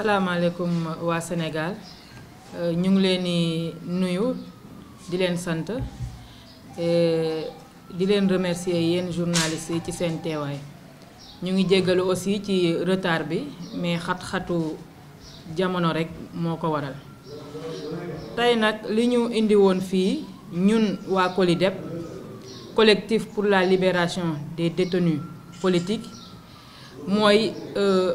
salaamaaleykum waa Sénégal euh, ñu ngi leen di nuyu di leen sant di leen remercier yéen journalistes yi ci seen teewaay ñu ngi jéggalu aussi ci retard bi mais xat-xatu jamono rek moo ko waral tey nag li ñu indi woon fii ñun waa COLIDEP collectif pour la libération des détenus politiques mooy euh,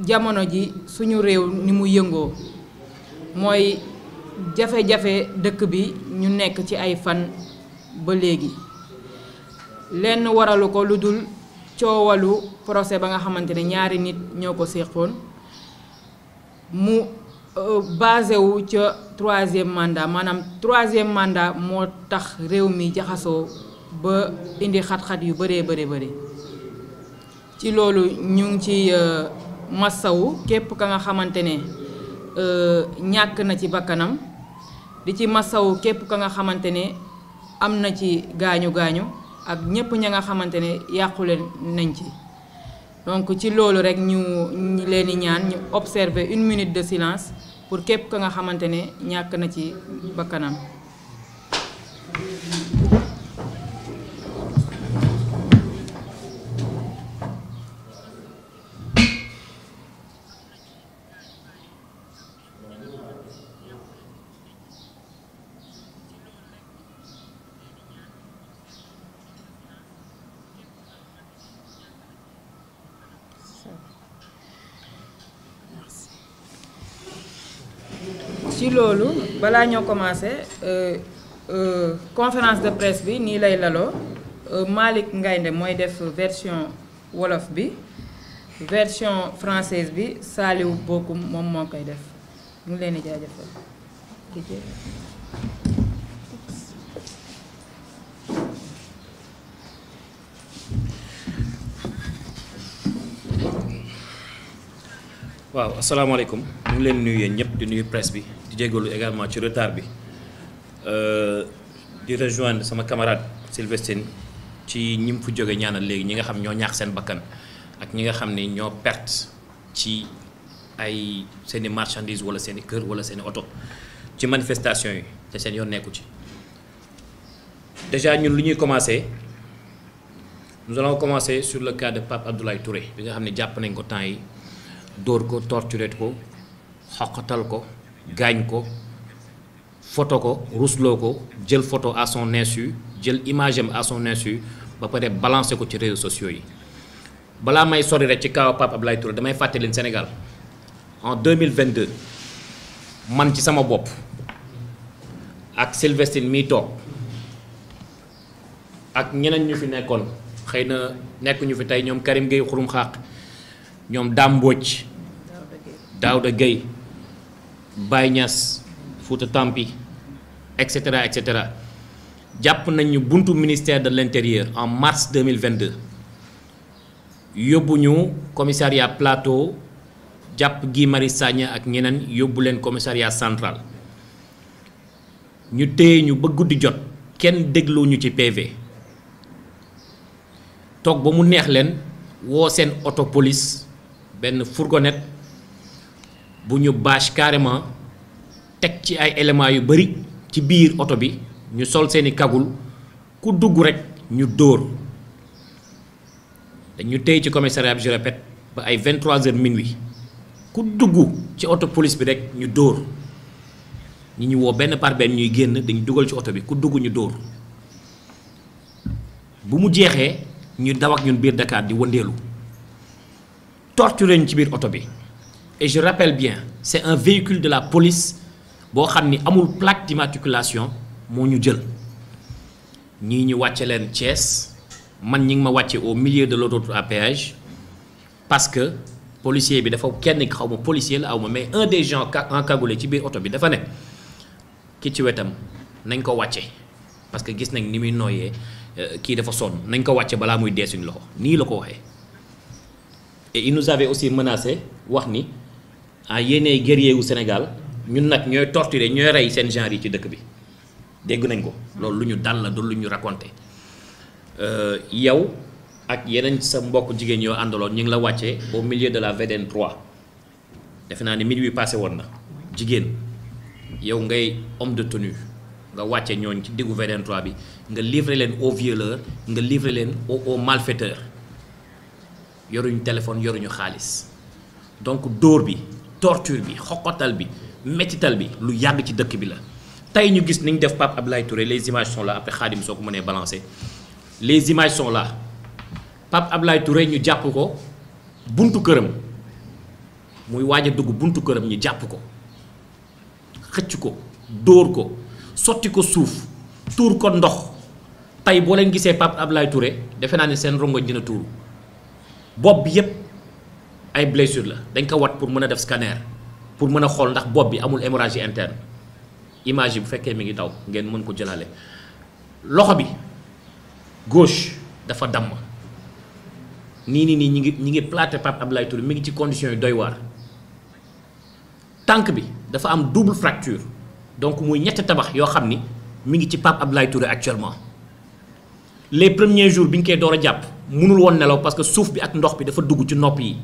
jamono ji suñu réew ni mu yëngoo mooy jafe-jafe dëkk bi ñu nekk ci ay fan ba léegi lenn waralu ko lu dul coowalu procès ba nga xamante ne ñaari nit ñoo ko séqoon mu euh, basé wu ca troisième mandat maanaam troisième mandat moo tax réew mi jaxasoo ba indi xat-xat yu bëree bëri bëri ci loolu ñu ci euh, masawu képp ka nga xamante ne euh, ñàkk na ci bakkanam di ci masawu képp ka nga xamante ne am na ci gaañu gaañu ak ñépp ña nga xamante ne yàqule nañ ci donc ci loolu rek ñu leen di ñaan ñu observer une minute de silence pour képp ka nga xamante ne ñàkk na ci bakkanam loolu balaa ñoo commencé euh, euh, conférence de presse bi Ni lay laloo euh, Malik Ngaynde mooy def version wolof bi version française bi Saliou Bokum mon moo koy def ñu ngi waaw asalaamaaleykum ñu ngi leen nuyu yéen ñëpp di nuyu presse bi di jégalu également ci retard bi euh, di rejoindre sama camarade Sylvestine ci ñi mu fu jóge ñaanal léegi ñi nga xam ñoo ñaax seen bakkan ak ñi nga xam ne ñoo perte ci ay seeni i marchandise wala seen i kër wala seeni oto ci manifestation yi te seen yoon nekku ci déjà ñun lu ñuy commencé nous allons commencer sur le cas de Pape Abdoulaye Touré bi nga xam ne jàpp nañ ko temps yi d'orgue ko torturer ko xoqatal ko ko photo ko ko photo à son insu jël image à son insu ba balancer ko réseaux sociaux yi may sori ci Sénégal en 2022 man ci sama train ak Sylvestine mi tok ak ñeneen ñu fi de na ñu fi Karim Dauda gay Baye Futa Tampi etc etc japp nañu buntu ministère de l'intérieur en mars 2022 yobbu ñu commissariat plateau japp gi mari Sagna ak ñenen yobbu len commissariat central ñu téy ñu ba guddi jot kenn dégloo ñu ci PV Tok ba mu neex len wo sen autopolice ben fourgonnette bu ñu bâche carrément teg ci ay éléments yu bari ci biir oto bi ñu sol seeni kagul ku dugg rek ñu dóor dañu tey ci commissariat bi je ba ay 23 heures minuit ku dugg ci oto police bi rek ñu dóor ñi ñu woo benn par ñuy génn dañu dugal ci oto bi ku dugg ñu dóor bu mu jeexee ñu daw ak ñun biir Dakar di wëndeelu torturer ñu ci biir oto bi. et je rappelle bien c'est un véhicule de la police qui xam ni amul plaque d'immatriculation moo ñu jël ñii ñu wàcce leen Thiès man ma au milieu de l'autoroute à péage parce que policier bi dafa kenn xaw ma policier la aw mais un des gens encagoulé ci biir est bi dafa ne ki ci wetam nañ ko wàcce parce que gis nañ ni muy nooyee qui euh, dafa sonn nañ ko wàcce balaa muy dee suñ loxo nii la ko et il nous avait aussi menacé wax ni ah yéenay guerrier wu Sénégal ñun nak ñoy torturer ñoy ray sen genre yi ci dëkk bi déggu nañ ko loolu lu ñu dal la du lu ñu raconté euh, yow ak yeneen sa mbokk jigéen yoo andalon ñing la wàccee au milieu de la VDN 3 def na ni minuit passé woon na jigéen yow ngay homme de tenue nga wàcce ñoon ci digu VDN 3 bi nga livrer leen aux violeurs nga livrer len au aux malfaiteurs yoruñ téléphone yoruñu xaliss donc door bi. torture bi xoqatal bi métital bi lu yàgg ci dëkk bi la tey ñu gis niñ def Pape Abdoulaye Touré les images sont là après Khadim soo ko mënee balancer les images sont là Pape Abdoulaye Touré ñu jàpp ko buntu këram muy waaj a dugg buntu këram ñu jàpp ko xëcc ko dóor ko sotti ko suuf tuur ko ndox tey boo leen gisee Pape Abdoulaye Touré defe naa ne seen rongoñ dina tuuru bopp bi yépp ay blessure la dañ ko wat pour mën a def scanner pour mën a xool ndax bopp bi amul hémorragie interne image bu fekkee mi ngi daw ngeen mën ko jëlaale loxo bi gauche dafa damm nii nii nii ñi ngi ñi ngi platé Pape Abdoulaye toure mi ngi ci conditions yu doy waar bi dafa am double fracture donc muy ñetti tabax yoo xam ni mu ngi ci Pape Abdoulaye Touré actuellement les premiers jours bi ñu koy door a jàpp mënul woon nelaw parce que suuf bi ak ndox bi dafa dugg ci nopp yi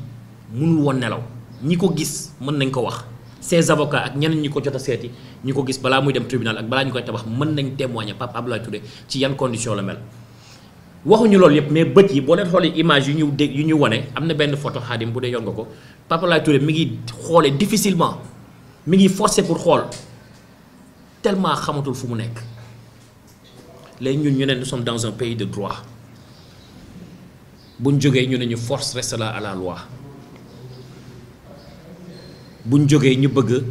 mënul woon nelaw ñi ko gis mën nañ ko wax ses avocats ak ñeneen ñi ko jot a seeti ñi ko gis balaa muy dem tribunal ak balaa ñu koy tabax mën nañ témoigner papa Abdoulaye Touré ci yan condition la mel waxuñu loolu yëpp mais bët yi boo leen xoolee image yu ñu dégg yu ñu wane am na benn photo xaadim bu dee yor nga ko Pape Abdoulaye Touré mi ngi xoolee difficilement mi ngi forcé pour xool tellement xamatul fu mu nekk léegi ñun ñu ne nous sommes dans un pays de droit buñ jógee ñu ne ñu force reste là à la loi si nous jógee ñu bëgg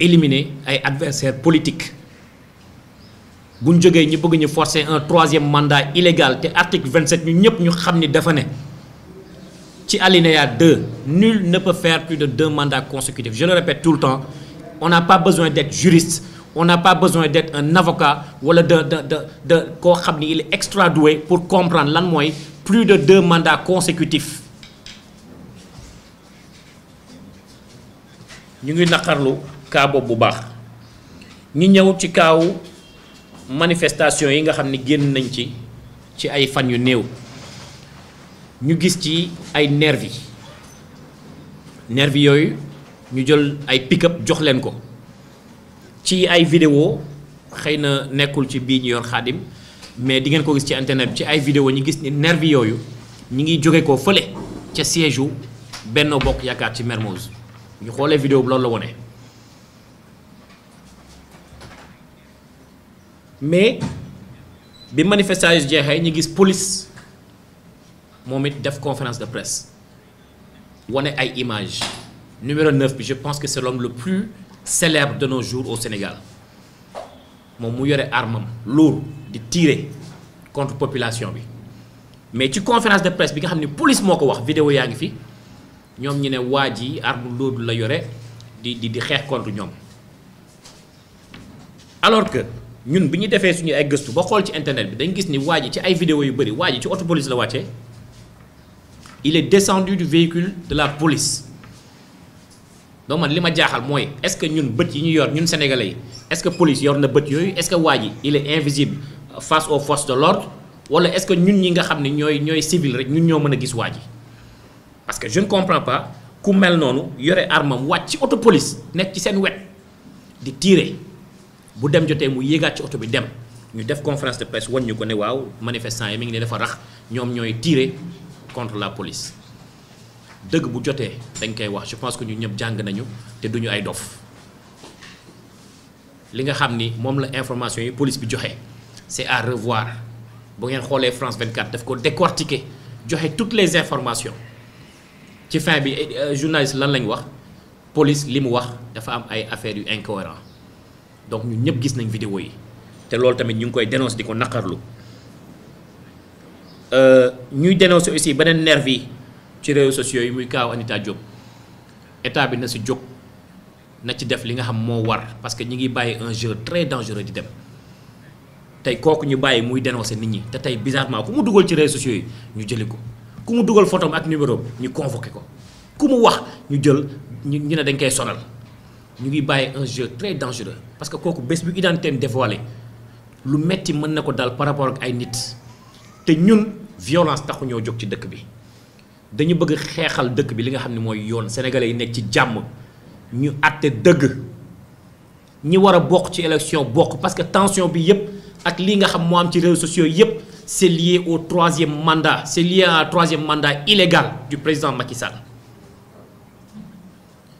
éliminer ay adversaires politiques si forcer un troisième mandat illégal c'est article 27 ñu ñëpp ñu dafa 2 nul ne peut faire plus de deux mandats consécutifs je le répète tout le temps on n'a pas besoin d'être juriste on n'a pas besoin d'être un avocat wala de de de est extra doué pour comprendre lan plus de deux mandats consécutifs ñu ngi naqarlu kaa boobu bu baax ñu ci kaawu manifestation yi nga xamni genn nañ ci ci ay fan yu neew ñu gis ci ay nervi nervi yooyu ñu jël ay pick-up jox leen ko ci ay vidéo xeyna nekkul ci bii ñu yor xaadim mais di ngeen ko gis ci internet ci ay vidéo ñu gis ni nervi yooyu ñi ngi jóge ko feulé ci siège Benno Bokk ci Mermoz ñu xoolee vidéo bi loolu la wone mais bi manifestation yi jeexee ñu gis police moom it def conférence de presse wane ay image numéro 9 bi je pense que c'est l'homme le plus célèbre de nos jours au Sénégal moom mu yore armam lourd di tirer contre population bi mais ci conférence de presse bi nga xam police moo ko wax vidéo yaa ngi fi ñom ñu ne waji la di contre ñom alors que ñun biñu défé suñu ay ba ci internet bi la il est descendu du véhicule de la police donc ma est-ce que ñun sommes yi ñu sénégalais est-ce que police est-ce que il est invisible face aux forces de l'ordre wala est-ce que nous, ñi nga civil rek parce que je ne comprends pas ku mel noonu yore armam wàcc ci oto police nekk ci seen wet di tiire bu dem jotee mu yéegaat ci oto bi dem ñu def conférence de presse où ñu ko ne waaw manifestant yi mi ngi ne dafa rax contre la police dëgg bu jotee dañ koy wax je pense que ñu ñëpp jàng nañu te duñu ay dof li nga xam ni la information yi police bi joxe c'est à revoir bu ngeen xoolee France 24 daf ko décortiquer joxe toutes les informations ci fin bi eh, euh, journaliste lan lañ wax police li mu wax dafa am ay affaires yu incohérent donc ñun ñëpp gis nañ vidéo yi te loolu tamit ñu ngi koy dénoncer di ko naqarlu euh, ñuy dénoncer aussi beneen nervi yi ci réseaux sociaux yi muy kaaw Anita Diop état bi na si jóg na ci def li nga xam moo war parce que ñi ngi bàyyi un jeu très dangereux di dem tey kooku ñu bàyyi muy dénoncer nit ñi te tey bizarrement ku mu dugal ci réseaux sociaux yi ñu jëli ko ku mu dugal photom ak numéro ñu convoqué ko ku mu wax ñu jël ñu ñu ne dañ koy sonal ñu ngi bàyyi un jeu très dangereux parce que kooku bés bu identité dévoilé lu metti mën na ko dal par rapport ak ay nit te ñun violence taxu ñoo jóg ci dëkk bi dañu bëgg xeexal dëkk bi li nga xam ne mooy yoon sénégalais yi nekk ci jàmm ñu àtte dëgg ñi war a bokk ci élection bokk parce que tension bi yépp ak lii nga xam moo am ci réseaux sociaux yépp c'est lié au troisième mandat, c'est lié au un troisième mandat illégal du président Macky Sall.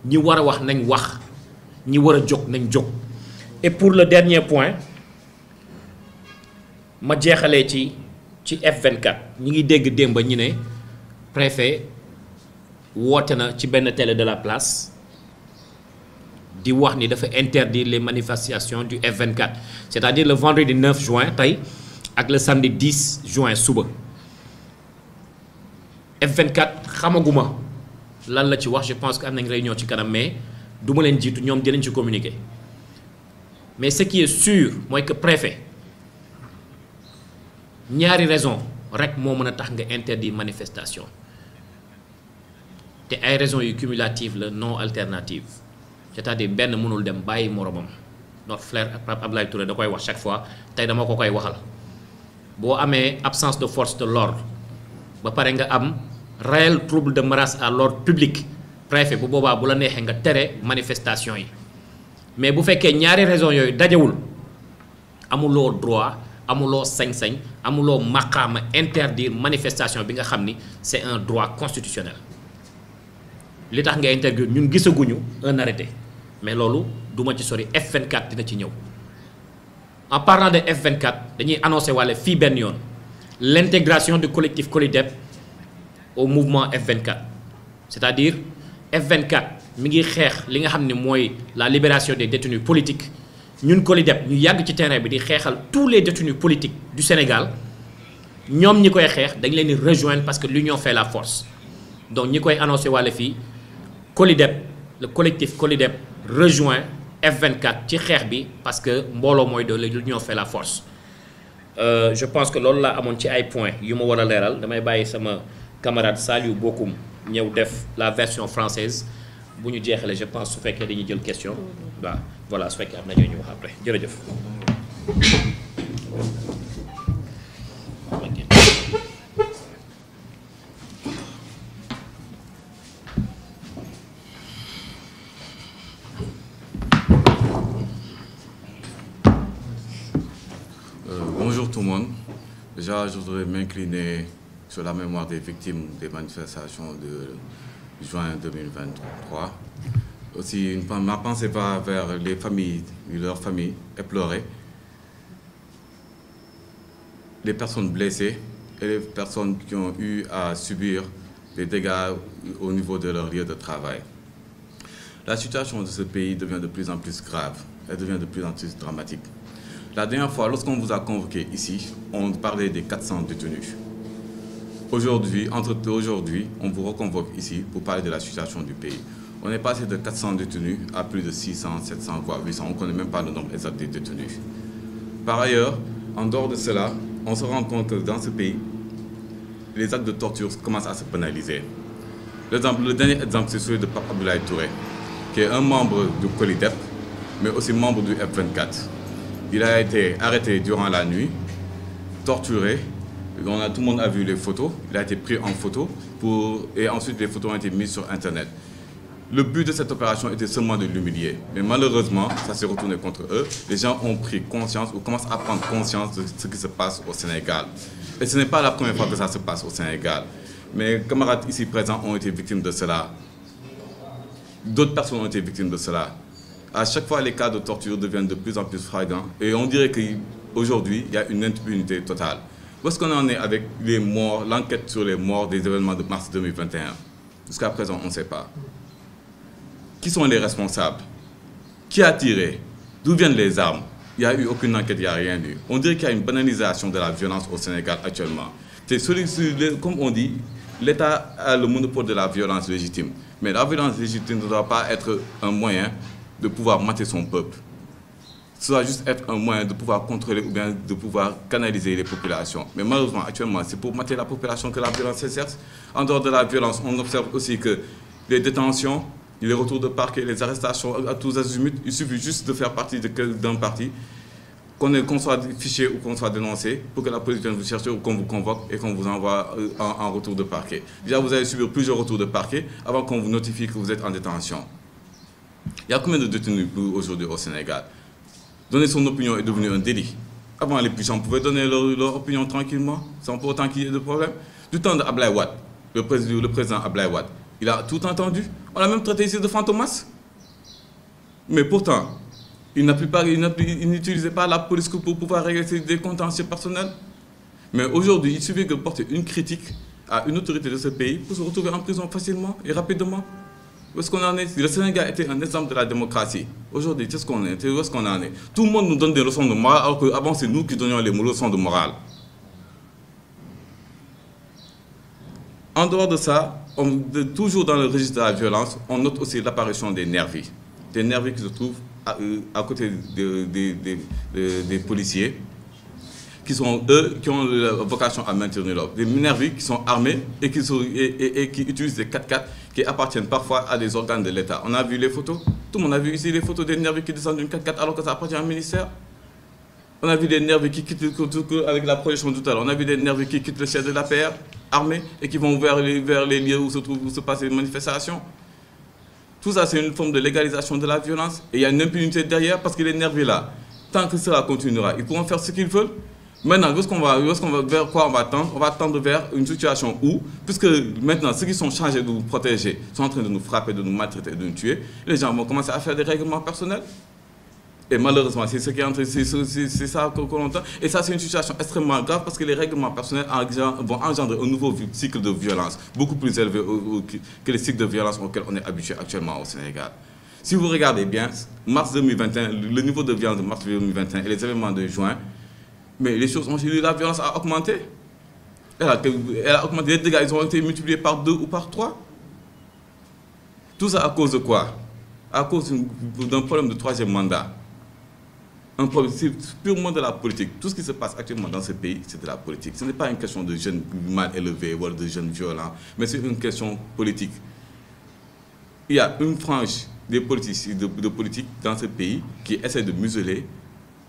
ñi wara wax nañ wax ñi jok et pour le dernier point ma jeexalee ci ci F24 ñi ngi dégg démba ñi ne préfet woote na ci benn télé de la place di interdit ni interdire les manifestations du F24 c'est-à-dire le vendredi 9 juin ak le samedi 10 juin suba F24 xamaguma lan la ci wax je pense que am nañ réunion ci kanam mais du ma jitu ñom di dinañ ci communiquer mais ce qui est sûr moi, que préfet ñaari raison rek mo meuna tax nga interdit manifestation té ay raisons cumulatives, cumulative non alternative c'est-à-dire ben mënul dem bàyyi moromam notre frère Pape Abdoulaye Touré da koy wax chaque fois tey dama ko koy waxal Bo amé absence de force de l'ordre ba paré nga am réel trouble de menace à l'ordre public préfet bu boba bu la nexé nga téré manifestation yi mais bu féké ñaari raison yoy dajewul amulo droit amulo sañ-sañ amulo maqaama interdire manifestation bi nga xamni c'est un droit constitutionnel li tax nga interdire ñun gisaguñu un arrêté mais lolu duma ci sori F24 dina ci ñew en parlant de F24 avons annoncé l'intégration du collectif COLIDEP au mouvement F24 cest à dire F24 nous avons xeex li nga la libération des détenus politiques ñun COLIDEP ñu yàgg ci terrain tous les détenus politiques du Sénégal Nous ñi koy xeex nous leen rejoindre parce que l'union fait la force donc nous avons annoncé que COLIDEP le collectif COLIDEP rejoint F24 ci xex bi parce que mbooloo mooy doole l'union fait la force euh, je pense que loolu la amone ci ay point yu ma war leral damay bayyi sama camarade Saliou Bokoum ñew def la version française bu ñu jeexalee je pense su fekké dañuy jël question mm-hmm. waaw voilà su fekké am na ñu wax après jërëjëf. Bonjour tout le monde. Déjà, je voudrais m'incliner sur la mémoire des victimes des manifestations de juin 2023. Aussi, ma pensée va vers les familles, leurs familles éplorées, les personnes blessées et les personnes qui ont eu à subir des dégâts au niveau de leur lieu de travail. La situation de ce pays devient de plus en plus grave, elle devient de plus en plus dramatique. La dernière fois, lorsqu'on vous a convoqué ici, on parlait des 400 détenus. Aujourd'hui, entre aujourd'hui, on vous reconvoque ici pour parler de la situation du pays. On est passé de 400 détenus à plus de 600, 700, voire 800. On ne connaît même pas le nombre exact des détenus. Par ailleurs, en dehors de cela, on se rend compte que dans ce pays, les actes de torture commencent à se pénaliser. Le, dernier exemple, c'est celui de Papa Boulaye Touré, qui est un membre du COLIDEP, mais aussi membre du F24. Il a été arrêté durant la nuit, torturé. On tout le monde a vu les photos. Il a été pris en photo et ensuite les photos ont été mises sur Internet. Le but de cette opération était seulement de l'humilier. Mais malheureusement, ça s'est retourné contre eux. Les gens ont pris conscience ou commencent à prendre conscience de ce qui se passe au Sénégal. Et ce n'est pas la première fois que ça se passe au Sénégal. Mes camarades ici présents ont été victimes de cela. D'autres personnes ont été victimes de cela à chaque fois, les cas de torture deviennent de plus en plus fréquents, Et on dirait qu'aujourd'hui, il y a une impunité totale. Où est-ce qu'on en est avec les morts, l'enquête sur les morts des événements de mars 2021 Jusqu'à présent, on ne sait pas. Qui sont les responsables Qui a tiré D'où viennent les armes Il n'y a eu aucune enquête, il n'y a rien eu. On dirait qu'il y a une banalisation de la violence au Sénégal actuellement. C'est comme on dit, l'État a le monopole de la violence légitime. Mais la violence légitime ne doit pas être un moyen de pouvoir mater son peuple. Cela va juste être un moyen de pouvoir contrôler ou bien de pouvoir canaliser les populations. Mais malheureusement, actuellement, c'est pour mater la population que la violence s'exerce. En dehors de la violence, on observe aussi que les détentions, les retours de parquet, les arrestations à tous azimuts, il suffit juste de faire partie d'un parti, qu'on soit fiché ou qu'on soit dénoncé, pour que la police vienne vous chercher ou qu'on vous convoque et qu'on vous envoie euh, en, en retour de parquet. Déjà, vous allez subir plusieurs retours de parquet avant qu'on vous notifie que vous êtes en détention. Il y a combien de détenus aujourd'hui au Sénégal Donner son opinion est devenu un délit. Avant, les puissants pouvaient donner leur, opinion tranquillement, sans pour autant qu'il y ait de problème. Du temps de Watt, le, président, le président il a tout entendu. On a même traité ici de fantomas. Mais pourtant, il n'utilisait pas, la police pour pouvoir régler des contentieux personnels. Mais aujourd'hui, il suffit de porter une critique à une autorité de ce pays pour se retrouver en prison facilement et rapidement est-ce qu'on en est Le Sénégal était un exemple de la démocratie. Aujourd'hui, qu'est-ce qu'on est Où est-ce qu'on en est Tout le monde nous donne des leçons de morale, alors qu'avant, c'est nous qui donnions les leçons de morale. En dehors de ça, on, toujours dans le registre de la violence, on note aussi l'apparition des nervis. Des nervis qui se trouvent à, euh, côté des policiers, qui sont eux qui ont la vocation à maintenir l'ordre. Des nervis qui sont armés et qui, et qui utilisent des 4x4 qui appartiennent parfois à des organes de l'État. On a vu les photos. Tout le monde a vu ici les photos des nervis qui descendent d'une 4x4 alors que ça appartient à un ministère. On a vu des nervis qui quittent le, avec la projection tout On a vu des nervis qui quittent le siège de la PR armée et qui vont vers les, vers les lieux où se, se passent les manifestations. Tout ça, c'est une forme de légalisation de la violence. Et il y a une impunité derrière parce que les nervis là, tant que cela continuera, ils pourront faire ce qu'ils veulent. Maintenant, va, vers quoi on va tendre On va tendre vers une situation où, puisque maintenant, ceux qui sont chargés de nous protéger sont en train de nous frapper, de nous maltraiter, de nous tuer, les gens vont commencer à faire des règlements personnels. Et malheureusement, c'est ce qui c'est ça qu'on entend. Et ça, c'est une situation extrêmement grave parce que les règlements personnels vont engendrer un nouveau cycle de violence, beaucoup plus élevé que les cycles de violence auxquels on est habitué actuellement au Sénégal. Si vous regardez bien, mars 2021, le niveau de violence de mars 2021 et les événements de juin, mais les choses ont changé, la violence a augmenté. Elle a, augmenté, les dégâts ils ont été multipliés par deux ou par trois. Tout ça à cause de quoi À cause d'un problème de troisième mandat. Un problème purement de la politique. Tout ce qui se passe actuellement dans ce pays, c'est de la politique. Ce n'est pas une question de jeunes mal élevés ou de jeunes violents, mais c'est une question politique. Il y a une frange des politiques, de, de politiques dans ce pays qui essaie de museler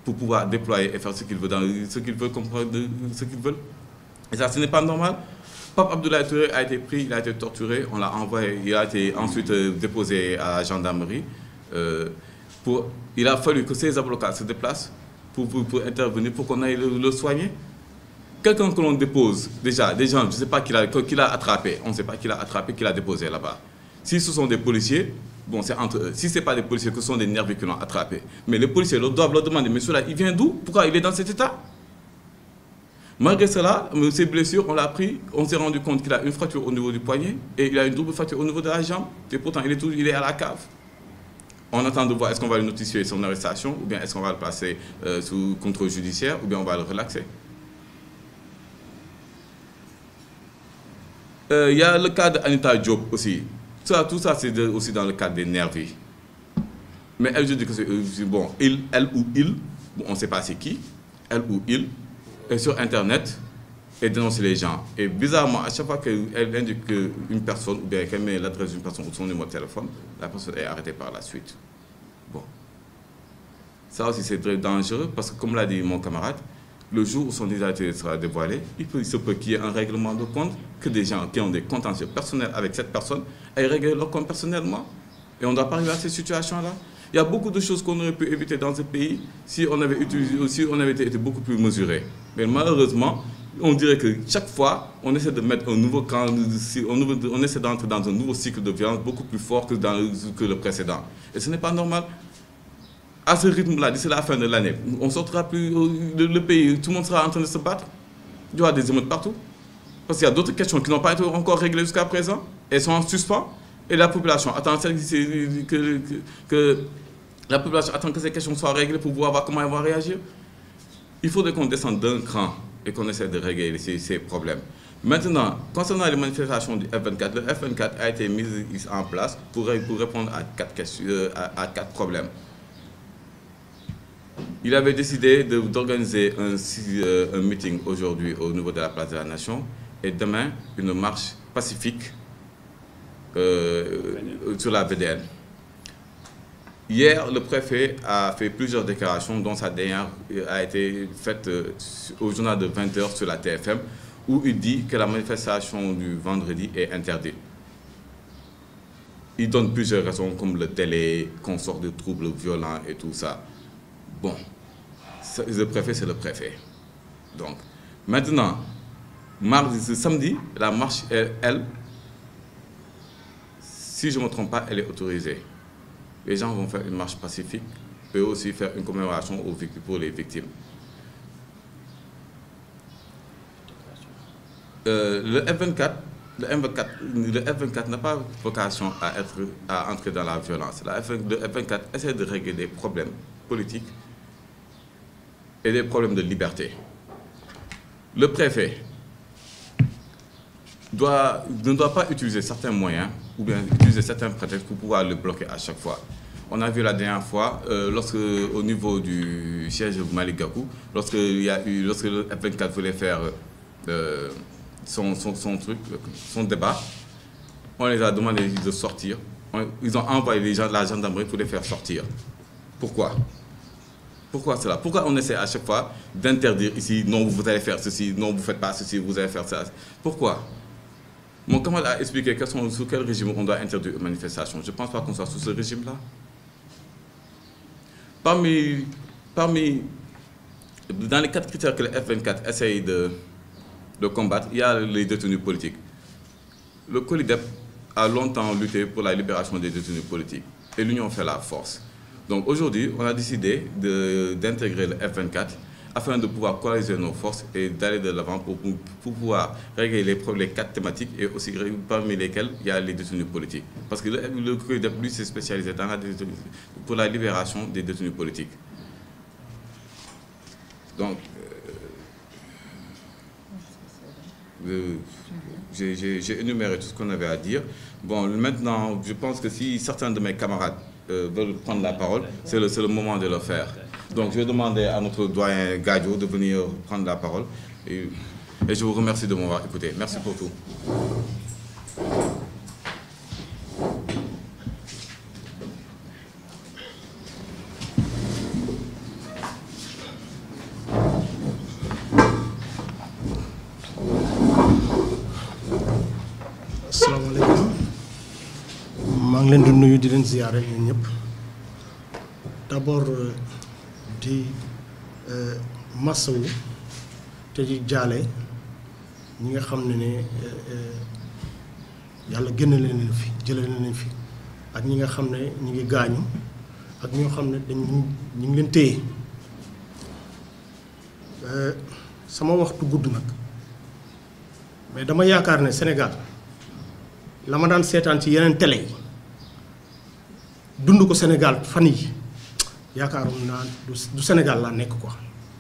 pour pouvoir déployer et faire ce qu'il veut dans, ce qu'il veut comprendre, ce qu'ils veulent. Et ça, ce n'est pas normal. Pape Abdoulaye Touré a été pris, il a été torturé, on l'a envoyé, il a été ensuite euh, déposé à la gendarmerie. Euh, pour, il a fallu que ces avocats se déplacent pour, pour, intervenir, pour qu'on aille le, soigner. Quelqu'un que l'on dépose, déjà, des gens, je ne sais pas qui l'a attrapé, on ne sait pas qui l'a attrapé, qui l'a déposé là-bas. Si ce sont des policiers, Bon, c'est entre euh, Si ce n'est pas des policiers que sont des nervis qui l'ont attrapé, mais les policiers leur doivent leur demander, mais celui-là, il vient d'où Pourquoi il est dans cet état Malgré cela, ses euh, blessures, on l'a pris, on s'est rendu compte qu'il a une fracture au niveau du poignet et il a une double fracture au niveau de la jambe. Et pourtant, il est, tout, il est à la cave. On attend de voir est-ce qu'on va le notifier son arrestation ou bien est-ce qu'on va le passer euh, sous contrôle judiciaire ou bien on va le relaxer. Il y a le cas d'Anita Diop aussi tout ça, c'est aussi dans le cadre des Mais elle, dit que c'est euh, bon, elle ou il, on ne sait pas c'est qui, elle ou il, est sur Internet et dénonce les gens. Et bizarrement, à chaque fois qu'elle indique une personne, ou bien qu'elle met l'adresse d'une personne ou son numéro de téléphone, la personne est arrêtée par la suite. Bon. Ça aussi, c'est très dangereux parce que, comme l'a dit mon camarade, le jour où son identité sera dévoilée, il, se peut qu'il y ait un règlement de compte, que des gens qui ont des contentieux personnels avec cette personne et régler leurs personnellement. Et on ne doit pas arriver à ces situations-là. Il y a beaucoup de choses qu'on aurait pu éviter dans ce pays si on avait, utilisé, on avait été, beaucoup plus mesuré. Mais malheureusement, on dirait que chaque fois, on essaie de mettre un nouveau camp, on essaie d'entrer dans un nouveau cycle de violence beaucoup plus fort que, dans le, que le précédent. Et ce n'est pas normal. À ce rythme-là, d'ici la fin de l'année, on sortira plus le, pays, tout le monde sera en train de se battre. Il y aura des émeutes partout. Parce qu'il y a d'autres questions qui n'ont pas été encore réglées jusqu'à présent. Elles sont en suspens. Et la population attend que, ces questions soient réglées pour voir comment elle vont réagir. Il faudrait qu'on descende d'un cran et qu'on essaie de régler ces, problèmes. Maintenant, concernant les manifestations du F24, le F24 a été mis en place pour, répondre euh, à quatre, problèmes il avait décidé d'organiser euh, un, meeting aujourd'hui au niveau de la place de la Nation et demain une marche pacifique euh, sur la VDN. Hier, le préfet a fait plusieurs déclarations, dont sa dernière euh, a été faite euh, au journal de 20h sur la TFM, où il dit que la manifestation du vendredi est interdite. Il donne plusieurs raisons, comme le télé, qu'on sort de troubles violents et tout ça. Bon, le préfet, c'est le préfet. Donc, maintenant, Mardi, ce samedi, la marche, elle, si je ne me trompe pas, elle est autorisée. Les gens vont faire une marche pacifique, peut aussi faire une commémoration pour les victimes. Euh, le F24, n'a pas vocation à, être, à entrer dans la violence. le F24 essaie de régler des problèmes politiques et des problèmes de liberté. Le préfet, ne doit pas utiliser certains moyens ou bien utiliser certains prétextes pour pouvoir le bloquer à chaque fois. On a vu la dernière fois, euh, lorsque, au niveau du siège Malik Gakou, lorsque, il eu, lorsque le F24 voulait faire euh, son, truc, son débat, on les a demandé de sortir. ils ont envoyé les gens, la gendarmerie pour les faire sortir. Pourquoi Pourquoi cela Pourquoi on essaie à chaque fois d'interdire ici, non, vous allez faire ceci, non, vous ne faites pas ceci, vous allez faire ça Pourquoi mon camarade a expliqué quels sont, sous quel régime on doit interdire une manifestation. Je ne pense pas qu'on soit sous ce régime-là. Parmi, parmi, dans les quatre critères que le F-24 essaye de, de combattre, il y a les détenus politiques. Le COLIDEP a longtemps lutté pour la libération des détenus politiques et l'Union fait la force. Donc aujourd'hui, on a décidé d'intégrer le F-24 afin de pouvoir coaliser nos forces et d'aller de l'avant pour, pouvoir régler les, problèmes, quatre thématiques et aussi parmi lesquelles il y a les détenus politiques. Parce que le, le de plus s'est spécialisé dans la, pour la libération des détenus politiques. Donc, euh, j'ai énuméré tout ce qu'on avait à dire. Bon, maintenant, je pense que si certains de mes camarades euh, veulent prendre la parole, c'est le moment de le faire. Donc je vais demander à notre doyen Gadio de venir prendre la parole. Et, et je vous remercie de m'avoir écouté. Merci pour tout. masawu te di jaale ñi nga xam ne ne eh, eh, yàlla génne leen fi jële leen fi ak ñi nga xam ne ñu ngi gaañu ak ñoo xam ne dañ ñu ngi leen téye eh, sama waxtu gudd nag mais dama yaakaar ne Sénégal la ma daan seetaan ci yeneen tele yi dund ko Sénégal fan yi yaakaaroon naa du Sénégal laa nekk quoi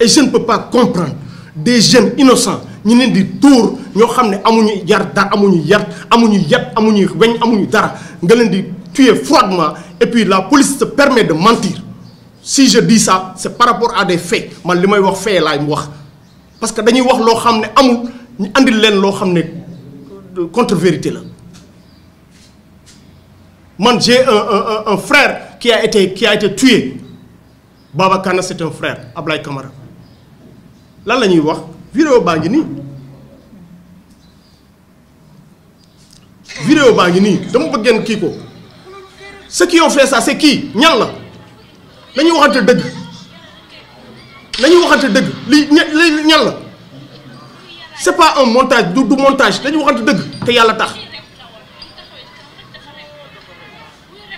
et je ne peux pas comprendre des jeunes innocents ñu leen di tour, ñoo xam ne amuñu yar dara amuñu yar amuñu yat amuñu weñ amuñu dara nga leen di tuer froidement et puis la police se permet de mentir si je dis ça c'est par rapport à des faits man li may wax fee laay wax parce que dañuy wax loo xam ne amul ñu andil leen loo xam ne contre-vérité la man j'ai un, un un un frère qui a été qui a été tué Baba Kana c'est un frère Ablaye Camara lan lañuy wax vidéo baa ngi nii vidéo baa ngi nii dama bëgg ngeen kii ko ce qui ont fait ça c'est qui ñan la dañuy waxante dëgg dañuy waxante dëgg li li ñan la c'est pas un montage du du montage dañuy waxante dëgg te yàlla tax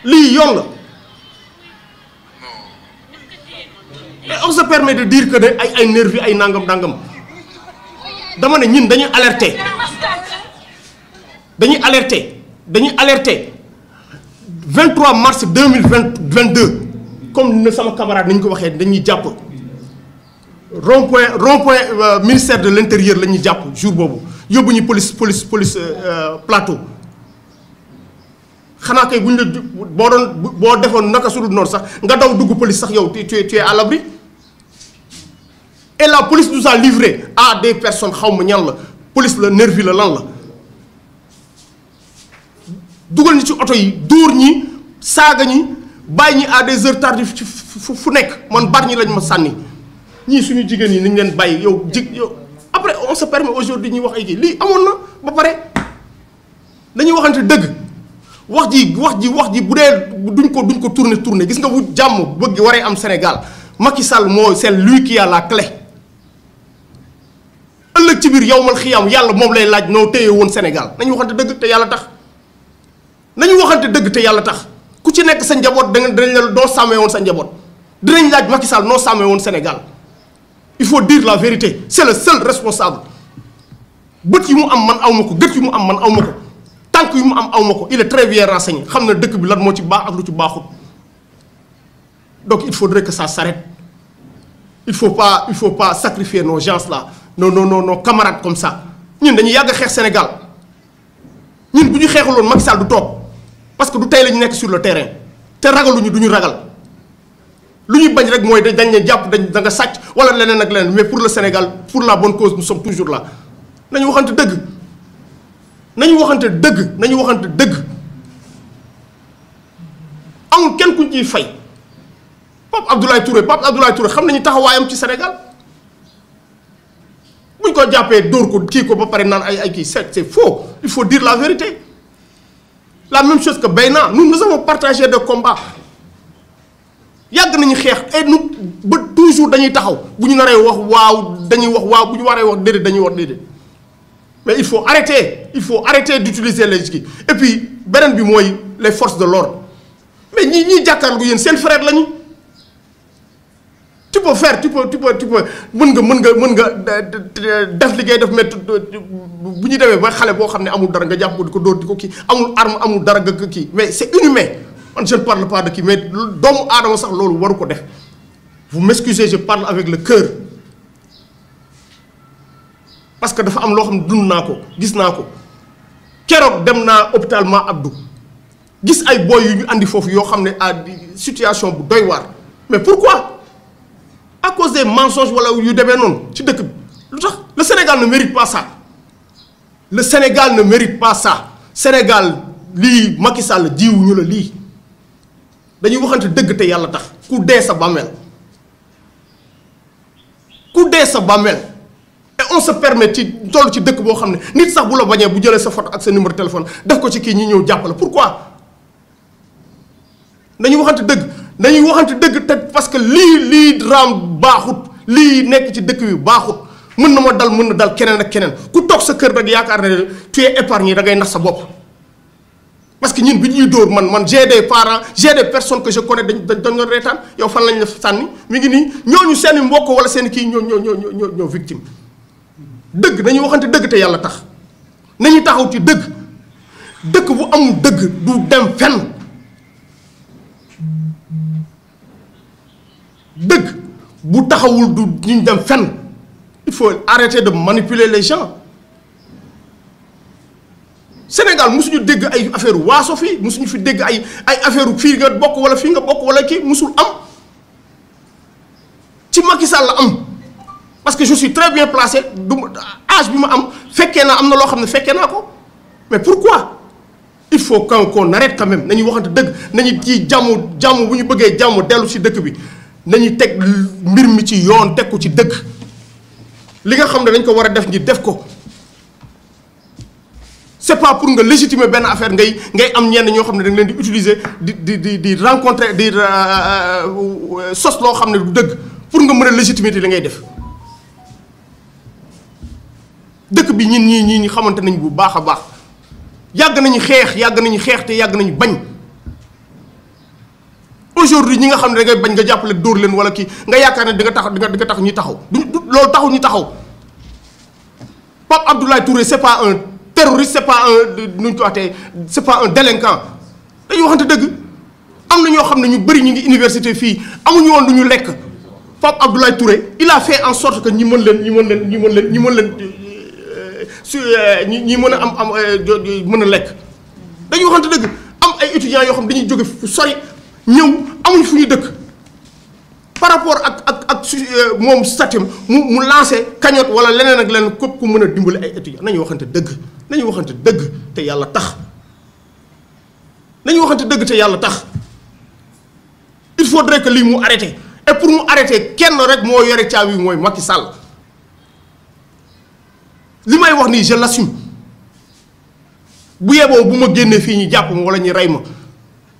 lii yoon la on se permet de dire que ne ay ay nervi ay nangam dangam. dama ne ñun dañuy alerter dañuy alerter dañuy alerter 23 mars 2022 comme ne sama camarade ni ñu ko waxé dañuy japp rond point rond point euh, ministère de l'intérieur lañuy japp jour bobu yóbbu ñu police police police euh, euh, plateau. xanaa kay buñu bo don bo defon naka su dul sax nga daw dugg police sax yow tu tu es à l'abri et la police nous a livrés à ah, des personnes xaw la police le nervi le lan la à des heures tardives fu man lañ ma Nous suñu après on se permet aujourd'hui de wax ay Nous amon na ba nous wax ji wax ji wax ji bu duñ ko duñ ko tourner tourner gis nga bu bëgg am Sénégal c'est lui qui a la clé ëllëg ci biir yow man xiyaam yàlla moom lay laaj noo téye woon Sénégal nañu waxante dëgg te yàlla tax nañu waxante dëgg te yàlla tax ku ci nekk sa njaboot da dinañ la doo sàmmee woon sa njaboot dinañ laaj Macky Sall noo sàmmee woon Sénégal il faut dire la vérité c'est le seul responsable bët yi mu am man aw ma ko gët yi mu am man aw ma ko tànk yi mu am aw ma ko il est très bien renseigné xam na dëkk bi lan moo ci baax ak lu ci baaxut donc il faudrait que ça s'arrête il faut pas il faut pas sacrifier nos gens là non non non non camarades comme ça ñun dañuy yag xex Sénégal ñun buñu xexulon Macky Sall du top, parce que du tay la ñu sur le terrain té ragaluñu nous..! ragal luñu bañ rek nous dañ japp nga mais pour le Sénégal pour la bonne cause nous sommes toujours là nañu waxante deug nañu waxante deug nañu waxante deug amul kenn kuñ fay Pape Abdoulaye Touré Pape Abdoulaye Touré xam nañu Sénégal c'est faux il faut dire la vérité la même chose que Beyna nous nous avons partagé de combat y a des et nous toujours dañuy taxaw Vous n'avez wax waaw dañuy mais il faut arrêter il faut arrêter d'utiliser les gens. et puis il les forces de l'ordre mais nous ñiy frères, frère tu peux faire tu peux tu peux tu peux mën nga mën nga mën nga def li ngay def mais bu ñu demee ba xale boo xam ne amul dara nga jàpp di ko dóor di ko kii amul arme amul dara nga kii mais c'est inhumain on je ne parle pas de qui mais doomu aadama sax loolu waru ko def vous m'excusez je parle avec le cœur parce que dafa am loo xam ne dund naa ko gis naa ko keroog dem na hôpital Ma Abdou gis ay boy yu ñu andi foofu yoo xam ne à situation bu doy waar mais pourquoi à cause des mensonges wala yu il noonu ci dëkk tax le Sénégal ne mérite pas ça le Sénégal ne mérite pas ça Sénégal Li Macky Sall jiwu ñu le lii dañuy waxante deug te yalla tax ku dé sa bàmmeel ku dé sa Bamel. et on se permet ci toll ci deuk bo xamné ne nit sax bu la bañé bu jëlé sa photo ak sa numéro de téléphone def ko ci ki ñi ñëw jàppale pourquoi dañuy waxante deug dañuy waxante dëgg te parce que lii lii raam baaxut lii nekk ci dëkk bi baaxut mën na ma dal mën na dal keneen ak keneen ku toog sa kër rek yaakaar ne tu es épargné da nax sa bopp. parce que ñun bi ñuy dóor man man j'ai des parents j'ai des personnes que je connais dañ dañ doon reetaan yow fan lañ la sànni mi ngi nii ñooñu seen mbokk wala seen kii ñoo ñoo ñoo ñoo ñoo victime dëgg nañuy waxante dëgg te yàlla tax nañu taxaw ci dëgg dëkk bu amul dëgg du dem fenn. deug bu taxawul du ñu dem fenn il faut arrêter de manipuler les gens Sénégal musuñu dégg ay affaire waaso fii musuñu fi dégg ay ay affaire fii nga bokk wala fii nga bokk wala kii musul am ci Macky Sall la am parce que je suis très bien placé du âge bi ma am fekkee naa am na loo xam ne fekkee naa ko mais pourquoi il faut qu'on qu'on arrête quand même nañu waxante dëgg nañu ci jàmm jàmm bu ñu bëggee jàmm dellu si dëkk bi nañu teg mbir mi ci yoon teg ko ci dëkk li nga xam ne dañ ko war a def ñi def ko c'est pas pour nga légitimer benn affaire ngay ngay am ñenn ñoo xam ne da leen di utiliser di di di di rencontrer di euh, euh, sos loo xam ne du dëgg pour nga mën a légitimer li ngay def dëkk bi ñun ñi ñii ñu xamante nañ bu baax a baax yàgg nañu xeex yàgg nañu xeex te yàgg nañu bañ. aujourd'hui ñi nga xam da ngay bañ nga jappalé dóor leen wala ki nga yaakaar ne di nga tax da nga tax ñu taxaw lool loolu taxu ñu taxaw Pape Abdoulaye Touré c'est pas un terroriste c'est pas un nu ñu ko waxee c'est pas un délinquant dañu waxante deug am na ñoo xam ñu bari ñi ngi université fi amuñu won duñu ñu lekk Pape Abdoulaye Touré il a fait en sorte que ñi mën leen ñi mën leen ñi mën leen ñi mën leen euh, su euh, ñi ñi mën am am euh, mën a lekk dañu waxante deug am ay étudiants yo xam dañuy joggé fu sori ñëw amuñ fu ñu dëkk par rapport ak ak ak su euh, moom satim mu mu lancé cagnotte wala leneen ak leneen képp ku mën a dimbale ay étudiants nañu waxante dëgg nañu waxante dëgg te yàlla tax nañu waxante dëgg te yàlla tax il faudrait que lii mu arrêté et pour mu arrêté kenn rek moo yore caabi bi mooy Macky Sall li may wax nii je bu yeboo bu ma génnee fii ñu jàpp ma wala ñu rey ma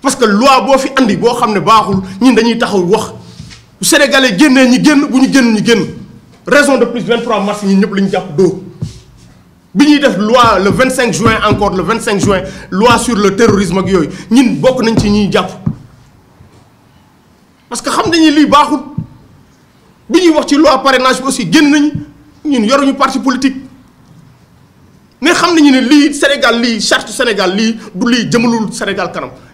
parce que loi bo fi andi bo xamné ne baaxul ñun dañuy taxaw wax bu sénégalais génnee ñi génn bu ñu génn ñu génn raison de plus 23 mars ñun ñep liñu japp do dóor bi ñuy def loi le 25 juin encore le 25 juin loi sur le terrorisme ak yoy ñun bokk nañ ci ñi japp parce que xam nañu li baxul bi ñuy wax ci loi parrainage aussi génn nañ ñun yoruñu parti politique. mais xam nañu ne li Sénégal li charte Sénégal li du li jëmalul Sénégal kanam.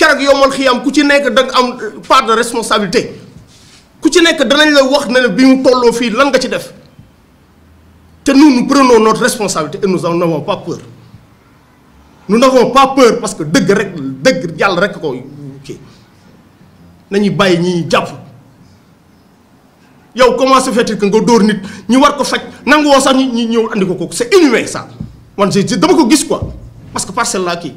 keroog yombal xiyam ku ci nekk danga am part de responsabilité ku ci nekk danañ la wax ne bi mu tolloo fii lan nga ci def te nous nous prenons notre responsabilité et nous n'avons avons pas peur nous n'avons pas peur parce que dëgg rek dëgg yàlla rek ko kii nañu bàyyi ñi jàpp yow comment se fait que nga dóor nit ñu war ko faj nanguwoo sax ñi ñëw andi ko kooku c'est inhumain ça man dama ko gis quoi parce que parcelle là kii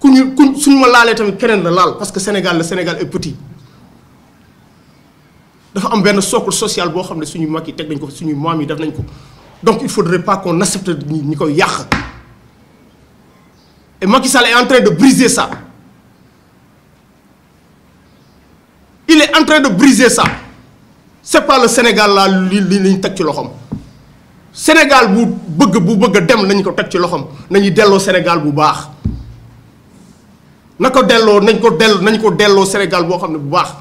ku ñu ku suñu ma laalee tamit keneen la laal parce que Sénégal le Sénégal est petit dafa am benn socle social boo xam ne suñu mag yi teg nañ ko suñu maam yi def nañ ko donc il faudrait pas qu'on accepte ñi ñi koy yàq et Macky Sall est en train de briser ça il est en train de briser ça c'est pas le Sénégal la li li ñu ci loxoom Sénégal bu bëgg bu bëgg a dem nañu ko teg ci loxoom nañuy delloo Sénégal bu baax nako dello delloo nañ ko dello nañ ko dello Sénégal bo xam bu baax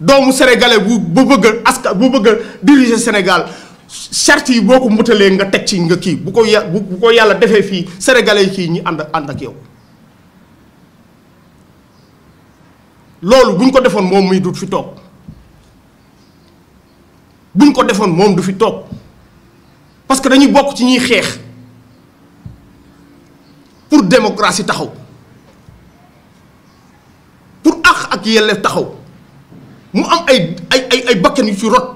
doomu sénégalais bu bu bëgg a bu bëgg diriger Sénégal charte yi boo ko nga teg ci nga ki bu ko bu ko yalla defee fi sénégalais yi ñi and and ak yow. loolu buñ ko defon mom muy du fi tok buñ ko defon mom du fi tok parce que dañuy bok ci ñi xex pour démocratie taxaw pour àq ak yelle taxaw mu am ay ay ay rot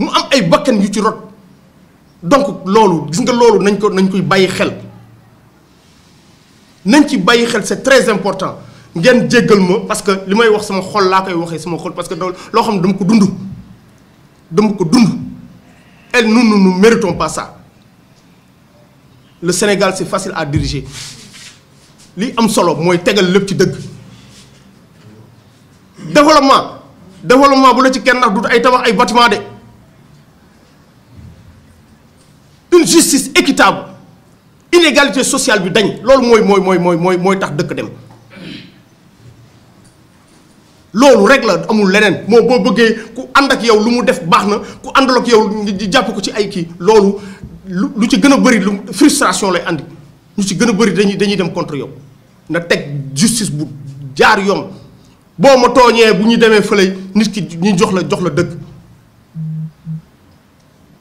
am ay donc lolu gis nga lolu nañ ko nañ koy xel nañ ci c'est très important ngeen djegal ma parce que limay wax sama xol koy sama xol parce que lo xam dama ko dama ko et nous nous ne méritons pas ça le Sénégal c'est facile à diriger li am solo mooy tegal lépp ci dëgg développement développement bu la ci kenn ndax du ay tabax ay bâtiment de une justice équitable inégalité sociale bi dañ loolu mooy mooy mooy mooy mooy mooy tax dëkk dem loolu rek la amul leneen moo boo bëggee ku ànd ak yow lu mu def baax na ku àndal ak yow di jàpp ko ci ay kii loolu lu ci gën a bëri lu frustration lay andi ñu ci gën a bëri dañuy dañuy dem contre yow na teg justice bu jaar yoon boo ma tooñee bu ñu demee fële nit ki ñu jox la jox la dëgg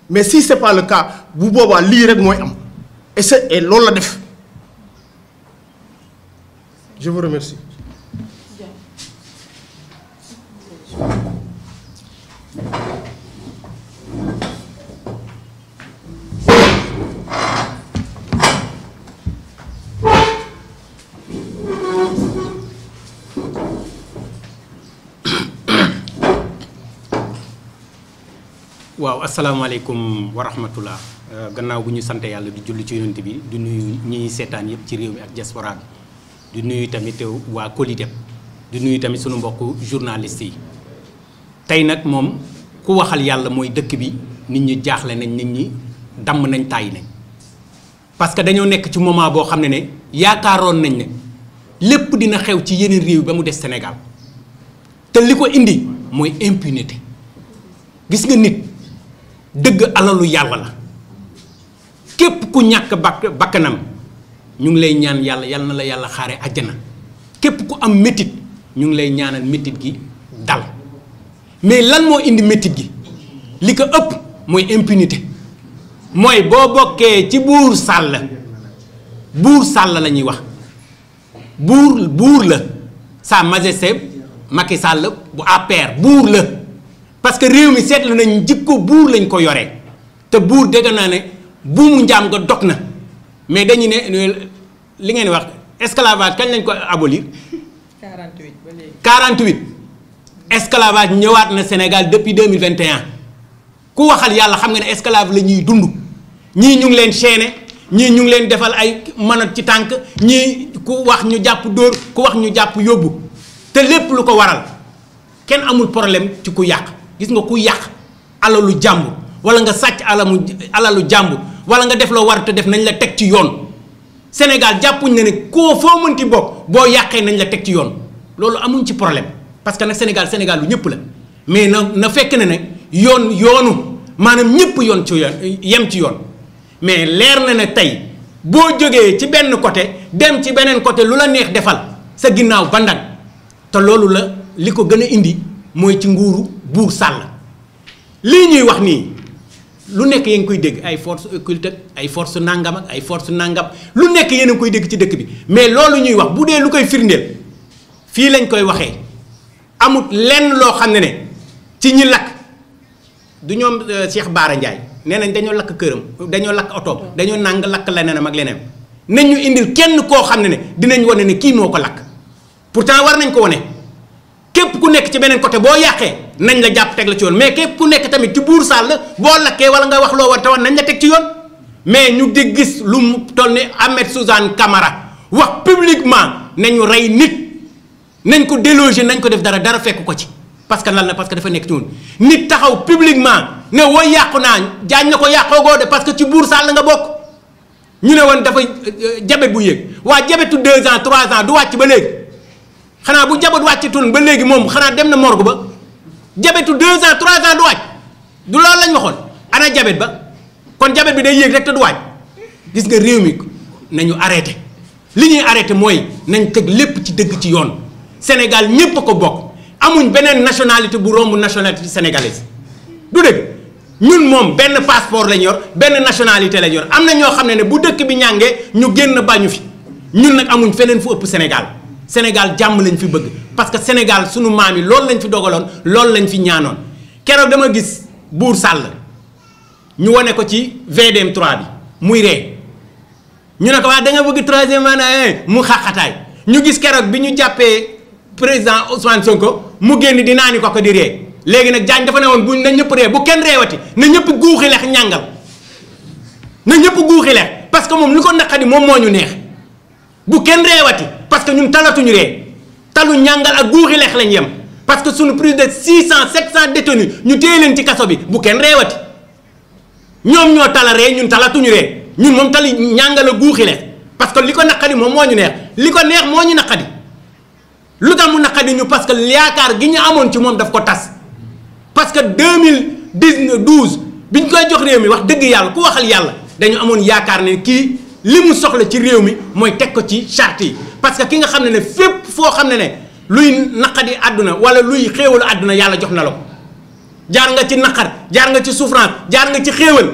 mais si c'est pas le cas bu boobaa lii rek mooy am et c'est et la def je vous remercie asalaamaaleykum wa rahmatullah euh, gannaaw bu ñu sante yàlla di julli ci yonent bi du nuyu ñi seetaan yëpp ci réew mi ak diaspora bi di nuyu tamit waa Colideb du nuyu tamit suñu mbokk journaliste yi tey nag moom ku waxal yàlla mooy dëkk bi nit ñi jaaxle nañ nit ñi dàmm nañ tàyyi nañ parce que dañoo nekk ci moment boo xam ne ne yaakaaroon nañ ne lépp dina xew ci yeneen réew ba mu des senegal te ko indi mooy impunité gis nga nit dëgg alalu yàlla la képp ku ñàkk bakk bakkanam ñu ngi lay ñaan yàlla yàlla na la yàlla xaare àjjana képp ku am métit ñu ngi lay ñaanal métit gi dal mais lan moo indi métit gi li ko ëpp mooy impunité mooy boo bokkee ci buur sàll buur sàll la ñuy wax buur buur la sa majesté Macky Sall bu APR buur la parce que réew mi seetlu nañ jikko buur lañ ko yore te buur dégg naa ne buumu njaam nga dog na mais dañu ne li ngeen wax esclavage kañ lañ ko abolir 48 ba léegi 48 esclavage ñëwaat na Sénégal depuis 2021 ku waxal yàlla xam nga ne esclave la ñuy dund ñii ñu ngi leen chaîné ñii ñu ngi leen defal ay manot ci tànk ñii ku wax ñu jàpp dóor ku wax ñu jàpp yóbbu te lépp lu ko waral kenn amul problème ci ku yàq gis nga ku yàq alalu jàmbur wala nga sàcc alamu alalu jàmbur wala nga def loo war te def nañ la teg ci yoon Sénégal jàppuñ na ne koo foo mënti bokk boo yàqee nañ la teg ci yoon loolu amuñ ci problème parce que nag Sénégal Sénégal lu ñëpp la mais na na fekk ne ne yoon yoonu maanaam ñëpp yoon ci yoon yem ci yoon mais leer na ne tey boo jógee ci benn côté dem ci beneen côté lu la neex defal sa ginnaaw bandan te loolu la li ko gën a indi mooy ci nguuru buur sàll lii ñuy wax nii lu nekk yéen koy dégg ay force occulte ak ay force nangam ak ay force nangam lu nekk yéen a koy dégg ci dëkk bi mais loolu ñuy wax bu dee lu koy firndeel fii lañ koy waxee amut lenn loo xam ne ne ci ñi lakk du ñoom euh, Cheikh Baara Ndiaye nee nañ dañoo lakk këram dañoo lakk otoom dañoo nàng lakk leneenam ak leneen nañ ñu indil kenn koo xam ne ne dinañ wane ne kii moo ko lakk pour pourtant war nañ ko wone képp ku nekk ci beneen côté boo yàqee. nañ la jàpp teg la ci yoon mais képp ku nekk tamit ci buur sàll boo lakkee wala nga wax loo war te nañ la teg ci yoon mais ñu di gis lu mu toll ni Ahmed Suzanne kamara wax publiquement nañu rey nit nañ ko déloger nañ ko def dara dara fekk ko ci parce que lan la parce que dafa nekk ci woon nit taxaw publiquement ne wooy yàqu naa jaañ na ko yàqoo goo de parce que ci buur sàll nga bokk ñu ne woon dafa euh, jabet bu yéeg waa jabetu 2 ans trois ans du wàcc ba léegi xanaa bu jabet wàcc tun ba léegi moom xanaa dem na morgue ba jabetu deux ans trois ans du waaj du loolu lañ waxoon ana jabet ba kon jabet bi day yéeg rek te du waaj gis nga réew mi nañu arrêté li ñuy arrêté mooy nañ teg lépp ci dëgg ci yoon Sénégal ñépp a ko bokk amuñ beneen nationalité bu romb nationalité sénégalaise du dëgg ñun moom benn passeport lañ yor benn nationalité lañ yor am na ñoo xam ne ne bu dëkk bi ñàngee ñu génn bañu fi ñun nag amuñ feneen fu ëpp Sénégal Sénégal jàmm lañ fi bëgg parce que Sénégal suñu maam yi loolu lañ fi dogaloon loolu lañ fi ñaanoon keroog dama gis buur sàll ñu wane ko ci VDM 3 bi muy ree ñu ne ko waa da nga bëgg troisième mandat eh, mu xaqataay ñu gis keroog bi ñu jàppee président Ousmane Sonko mu génn di naa ni ko ko di ree léegi nag Diagne dafa ne woon bu na ñëpp ree bu kenn reewati na ñëpp guuxi lex ñàngal na ñëpp guuxi lex parce que moom li ko naqadi moom moo ñu neex bu kenn reewati parce que ñun talatuñu ree talu ñàngal ak guuxi leex lañ yem parce que suñu plus de 600 700 détenus ñu téye leen ci kaso bi bu kenn reewati ñoom ñoo tala ree ñun talatuñu ree ñun moom tali ñàngal ak guuxi leex parce que li ko naqadi moom moo ñu neex li ko neex moo ñu naqadi lu tax mu naqadi ñu parce que yaakaar gi ñu amoon ci moom daf ko tas parce que bi biñ koy jox réew mi wax dëgg yàlla ku waxal yàlla dañu amoon yaakaar ne kii. li mu soxla ci réew mi mooy teg ko ci charte yi parce que ki nga xam ne ne fépp foo xam ne ne luy naqadi àdduna wala luy xéewalu àdduna yàlla jox na la ko jaar nga ci naqar jaar nga ci souffrance jaar nga ci xéewal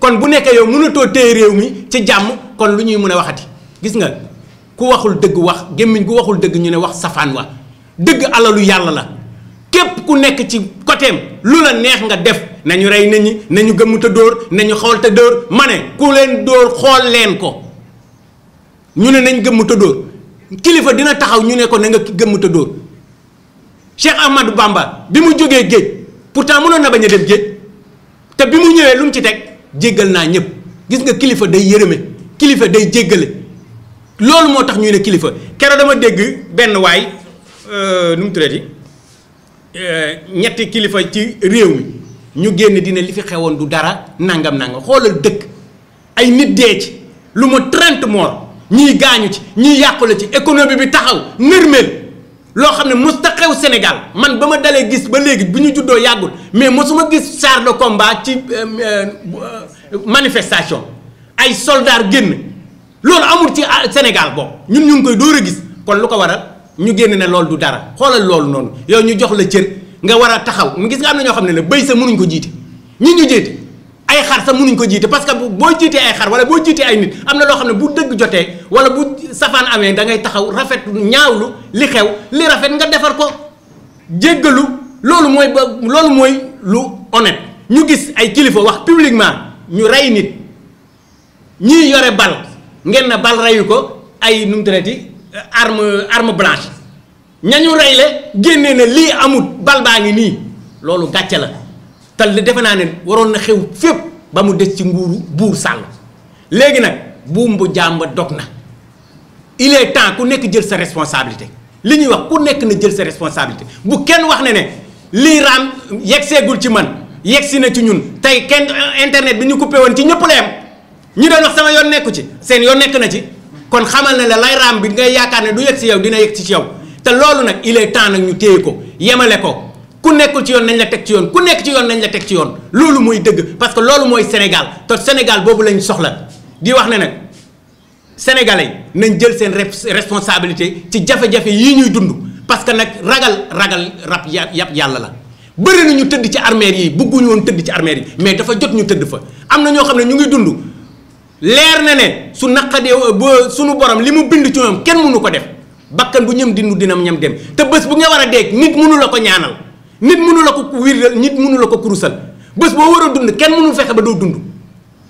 kon bu nekkee yow mënatoo téye réew mi ci jàmm kon lu ñuy mën a waxati gis nga ku waxul dëgg wax gémmiñ gu waxul dëgg ñu ne wax safaan wa dëgg alalu yàlla la képp ku nekk ci côtéem lu la neex nga def nañu rey nit ñi nañu gëmm te dóor nañu xool te dóor ma ne ku leen dóor xool leen ko ñu ne nañ gëmm te dóor kilifa dina taxaw ñu ne ko na nga gëmm dóor Cheikh Ahmadou Bamba bi mu jógee géej pourtant mënoon na bañ a dem géej te bi mu ñëwee lu mu ci teg jéggal naa ñëpp gis nga kilifa day yërëme kilifa day jéggale loolu moo tax ñu ne kilifa kero dama dégg benn waay euh, nu mu tuddati euh, ñetti kilifa ci réew mi ñu génn dina li fi xewoon du dara nangam nangam xoolal dëkk ay nit dee ci lu mu trente morts ñiy gaañu ci ñiy yàqule ci économie bi taxaw nërmeel loo xam ne mos ta xew Sénégal man ba ma dalee gis ba léegi bu ñu juddoo yàggul mais mosuma gis char de combat ci euh, euh, euh, manifestation ay soldats génn loolu amul ci ah, Sénégal boobu ñun ñu ngi koy dóor a gis kon lu ko waral ñu génn ne loolu du dara xoolal loolu noonu yow ñu jox la cër. nga wara taxaw taxaw gis nga am na ñoo xam ne beuy sa mënuñ ko jité ñi ñu jité ay xar sa mënuñ ko jité parce que bo jité ay xar wala bo jité ay nit amna lo xamne bu deug joté wala bu safaan amé da ngay taxaw rafet ñaawlu li xew li rafet nga defar ko djéggelu lolu moy lolu moy lu honnête ñu gis ay kilifa wax publiquement ñu ray nit ñi yoré bal ngeen na bal reyu ko ay num arme arme blanche ñañu reyle génnee na lii amut bal baa ngi nii loolu gàcce la tal li defe naa ne waroon na xew fépp ba mu des ci nguuru buur sàll léegi nag buum bu jàmba dog na il est temps ku nekk jël sa responsabilité li ñuy wax ku nekk na jël sa responsabilité bu kenn wax ne ne lii raam yeggseegul ci man yeggsi na ci ñun tey kenn euh, internet bi ñu coupé woon ci ñëpp la ñu doon wax sama yoon nekku ci seen yoon nekk na ci kon xamal na la lay raam bi ngay yaakaar ne du yegg si yow dina yegg ci yow te loolu nag il temps nag ñu téye ko yemale ko ku nekkul ci yoon nañ la teg ci yoon ku nekk ci yoon nañ la teg ci yoon loolu mooy dëgg parce que loolu mooy Sénégal te Sénégal boobu lañ soxla di wax ne nag sénégalais nañ jël seen responsabilité ci jafe-jafe yi ñuy dund parce que nag ragal ragal rab yàpp yàlla la bëri na ñu tëdd ci armeer yi bëgguñu woon tëdd ci armeer yi mais dafa jot ñu tëdd fa am na ñoo xam ne ñu ngi dund leer na ne su naqadee ba sunu borom li mu bind ci ñoom kenn mënu ko def bakkan bu ñëm dinu dinam ñam dem te bës bu nga wara dégg nit mënu la ko ñaanal nit mënu la ko wiral nit mënu la ko kurusal bës bo wara dund kenn mënu fexé ba do dund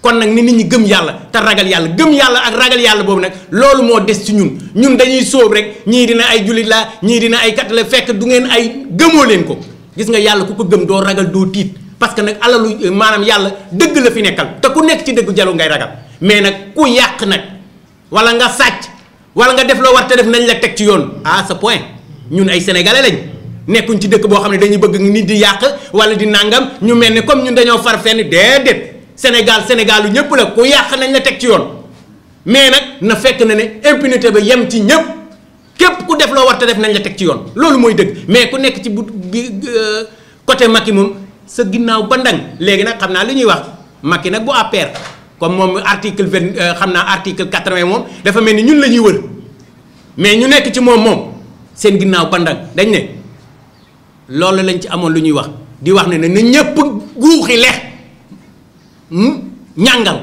kon nak ni nit ñi gëm yalla ta ragal yalla gëm yalla ak ragal yalla bobu nak loolu mo dess ci ñun ñun dañuy soob rek ñi dina ay julit la ñi dina ay kat fekk du ngeen ay gëmo leen ko gis nga yalla ku ko gëm do ragal do tit. parce que nak alalu eh, manam yalla deug la fi nekkal te ku nek ci deug jalu ngay ragal mais nak ku yak nak wala nga sacc wala nga def loo war te def nañ la teg ci yoon à ce point ñun ay sénégalais lañ nekkuñ ci dëkk boo xam ne dañuy bëgg nit di yàq wala di nàngam ñu mel ni comme ñun dañoo far fenn déedéet Sénégal Sénégal lu ñëpp la ku yàq nañ la teg ci yoon mais nag na fekk na ne impunité ba yem ci ñëpp képp ku def loo war te def nañ la teg ci yoon loolu mooy dëgg mais ku nekk ci bu bi euh, côté Macky moom sa ginnaaw ba ndang léegi nag xam naa li ñuy wax makki nag bu APR comme moom article vingt euh, xam naa article quatre vingt moom dafa mel ni ñun la ñuy wër mais ñu nekk ci moom moom seen ginnaaw pandang dañ ne loolu lañ ci amoon lu ñuy wax di wax ne ne na ñëpp guuxi lex ñàngal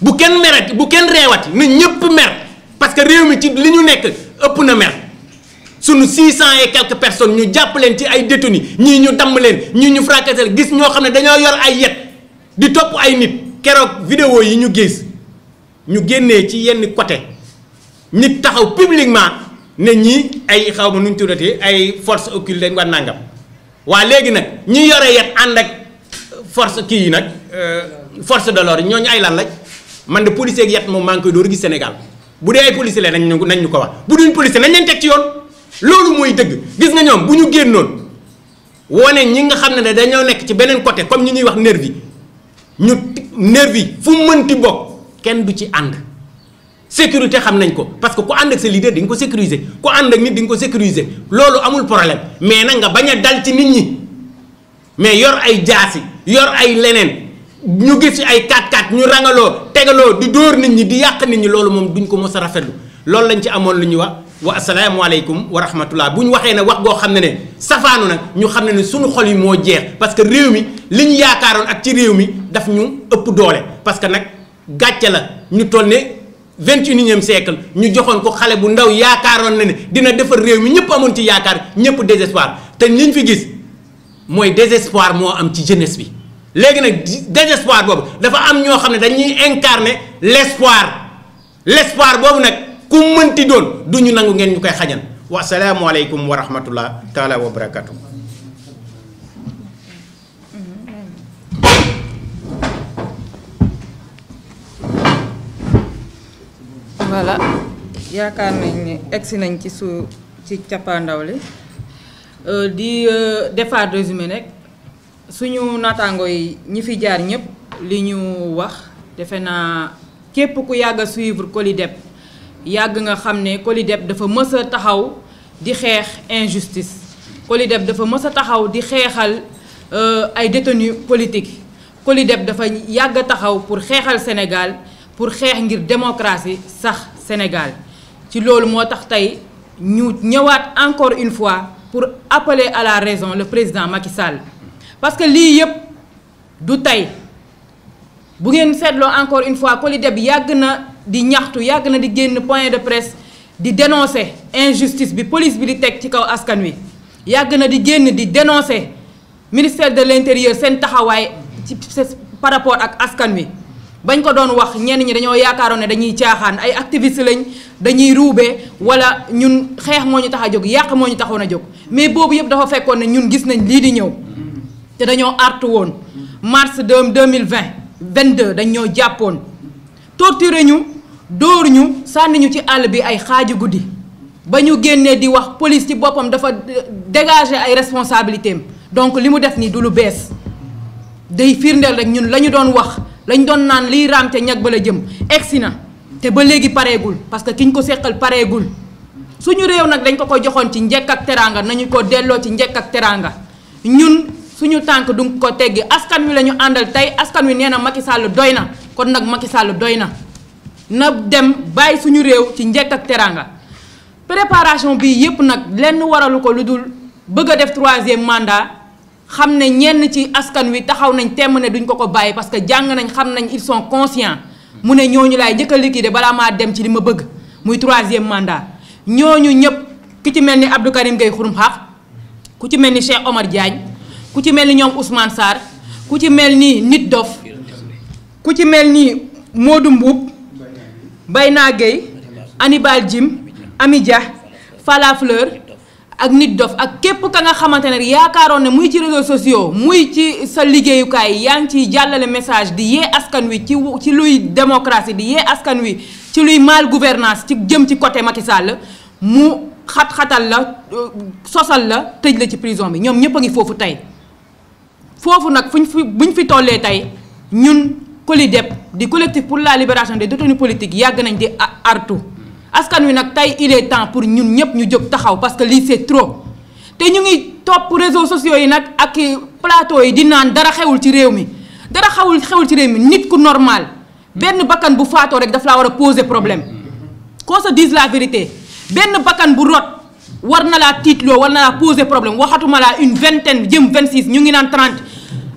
bu kenn merati bu kenn reewati na ñëpp mer parce que réew mi ci li ñu nekk ëpp na mer sunu six cent et quelques personnes ñu jàpp leen ci ay détenus ñii ñu damm leen ñii ñu fracassé gis ñoo xam ne dañoo yor ay yet di topp ay nit keroog vidéo yi ñu gis ñu génnee ci yenn côté nit taxaw publiquement ne ñi ay xaw ma nu ñu tuddati ay force occulte lañ war nangam waa léegi nag ñi yore yet ànd ak force kii yi nag euh, force de l'ordre ñooñu ay lan lañ man de policier ak yet moom maa ngi koy door gis Sénégal bu dee ay policier la nañ nañ ñu ko wax bu duñ policier nañ leen teg ci yoon loolu mooy dëgg gis nga ñoom bu ñu génnoon wone ñi nga xam ne dañoo nekk ci beneen côté comme ñi ñuy wax nervi ñu nervi fu mënti bokk kenn du ci ànd sécurité xam nañ ko parce que ku ànd ak sa leader di nga ko sécuriser ku ànd ak nit di nga ko sécuriser loolu amul problème mais nag nga bañ a dal ci nit ñi mais yor ay jaasi yor ay leneen ñu gis ci ay 4-4 ñu rangaloo tegaloo di dóor nit ñi di yàq nit ñi loolu moom duñ ko mos a lu loolu lañ ci amoon lu ñuy wax. waa asalaamualeykum wa rahmatullah bu ñu waxee ne wax goo xam ne ne safaanu nag ñu xam ne ne suñu xol yi moo jeex parce que réew mi li ñu yaakaaroon ak ci réew mi daf ñu ëpp doole parce que nag gàcce la ñu toll ne vingt et unième siècle ñu joxoon ko xale bu ndaw yaakaaroon na ne dina defar réew mi ñëpp amoon ci yaakaar ñëpp désespoir te liñ fi gis mooy désespoir moo am ci jeunesse bi léegi nag désespoir boobu dafa am ñoo xam ne dañuy incarner l'espoir l'espoir boobu nag ku mënti doon duñu nangu ngeen ñukay koy xañal wa assalamu alaykum wa rahmatullah taala wa barakatuh ya yaakaar nañ ni exi nañ ci su ci euh di euh, defaat résumé nek suñu natango yi ñi fi jaar ñep li ñu wax defena ku yàgg suivre yag nga xamné ne COLIDEP dafa mës taxaw di xeex injustice COLIDEP dafa mës a taxaw di euh ay détenus politiques COLIDEP dafa yag taxaw pour xeexal Sénégal pour xeex ngir démocratie sax Sénégal ci lolu motax tay ñu ñëwaat encore une fois pour appeler à la raison le président Macky Sall parce que li yëpp du tay bu ngeen sétlo encore une fois COLIDEP yag na di ñaxtu yàgg na di génn point de presse di dénoncer injustice bi police bi di teg ci kaw askan wi yàgg na di génn di dénoncer ministère de l'intérieur seen taxawaay ci par rapport ak askan wi bañ ko doon wax ñenn ñi dañoo yaakaaroon ne dañuy caaxaan ay activiste lañ dañuy ruube wala ñun xeex moo ñu tax a jóg yàq moo ñu taxoon a jóg mais boobu yëpp dafa fekkoon ne ñun gis nañ lii di ñëw te dañoo artu woon mars 2020 22 dañ ñoo jàppoon torturer ñu dóor ñu sànni ñu ci àll bi ay xaaji guddi ba ñu di wax police ci boppam dafa euh, dégager ay responsabilité am donc li mu def ni du lu bees day firndeel rek ñun la ñu doon wax lañ doon naan liy raam te ñag ba la jëm egsi na te ba léegi pareegul parce que kiñ ko seqal pareegul suñu réew dañ ko ko joxoon ci ak teranga nañu ko delloo ci ak teranga ñun suñu dung kotegi, ko teggi askan wi la andal àndal askan wi nee na Macky Sall doy kon Macky Sall na dem bàyyi suñu réew ci njëkk ak teraanga préparation bii yépp nag lenn waralu ko lu dul bëgg a def troisième mandat xam ne ñenn ci askan wi taxaw nañ temm ne duñ ko ko bàyyi parce que jàng nañ xam nañ il son conscients mu ne ñooñu laay njëkk a balaa maa dem ci li ma bëgg muy troisième mandat ñooñu ñëpp ki ci mel ni Abdou Karim Xurum Xaq ku ci mel ni Cheikh Omar Diagne ku ci mel ni ñoom Ousmane Sarr ku ci mel ni Nit Dof ku ci mel ni moodu Mbuub Bayna Gueye Anibal Jim Amija, Fala Fleur ak nit dof ak képp ka ne ne réseaux sociaux muy ci sa message di yee askan wi ci démocratie di askan wi ci luy mal gouvernance ci jëm ci côté Macky Sall mu xat-xatal la euh, sosal la tëj la ci prison bi les collectifs collectif pour la libération des détenus politiques ont nañ di artu askan wi que il est temps pour nous ñu parce que c'est trop te ñu réseaux sociaux yi nak ak plateau yi di dara xewul ci réew mi dara xewul ci réew mi nit ku normal benn bakan bu faato rek dafa a poser problème qu'on se dise la vérité benn bakan bu rot war na laa tiitloo war na poser problème waxatuma une vingtaine jëm vingt ñu ngi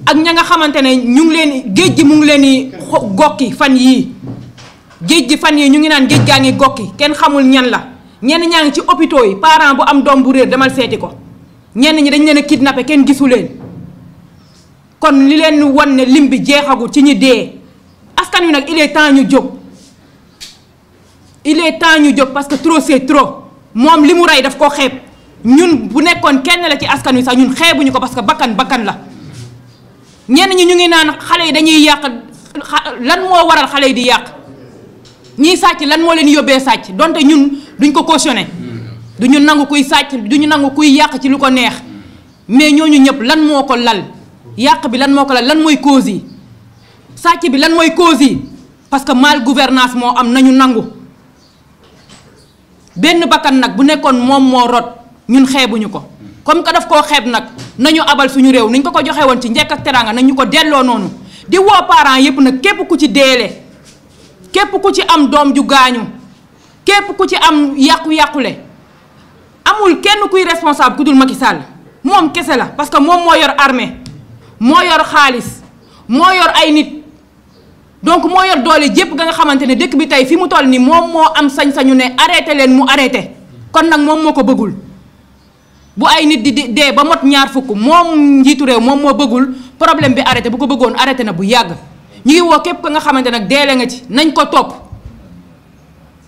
ak ña nga xamante ne ñu ngi leen géej gi mu ngi leen di gokki fan yii géej gi fan yii ñu ngi naan géej gaa ngi gokki kenn xamul ñan la ñenn ñaa ngi ci hôpitaux yi parent bu am doom bu réer demal seeti ko ñenn ñi dañ leen a kidnappé kenn gisu leen kon li leen wan ne lim bi jeexagul ci ñi dee askan wi nag il temps ñu jóg il est temps ñu jóg parce que trop c'est trop moom li mu rey daf ko xeeb ñun bu nekkoon kenn la ci askan wi sax ñun xeebuñu ko parce que bakkan bakkan la ñen ñi ñu ngi naan xale yi dañuy yàq lan moo waral xale yi di yàq ñiy sàcc lan moo leen yóbbee sàcc donte ñun duñ ko cautionné ñu nangu kuy sàcc ñu nangu kuy yàq ci lu ko neex mais ñooñu ñëpp lan moo ko lal yàq bi lan moo ko lal lan mooy cause yi sàcc bi lan mooy cause yi parce que mal gouvernance moo am nañu nangu benn bakkan nag bu nekkoon moom moo rot ñun xeebuñu ko comme que daf koo xeeb nag nañu abal suñu réew niñ ko ko joxe woon ci njëkk ak teranga nañu ko delloo noonu di woo parents yépp nag képp ku ci deele képp ku ci am doom ju gaañu képp ku ci am yàqu-yàqule amul kenn kuy responsable ku dul Macky Sall moom kese la parce que moom moo yor armée moo yor xaalis moo yor ay nit donc moo yor doole jépp nga nga xamante ne dëkk bi tay fi mu toll ni moom moo am sañ-sañu ne arrêté leen mu arrêté kon nag moom moo ko bëggul bu ay nit di dee ba mot ñaar fukk moom njiitu réew moom moo bëggul problème bi arrêté bu ko bëggoon arrêté na bu yàgg ñu ngi woo képp ka nga xamante nag deele nga ci nañ ko topp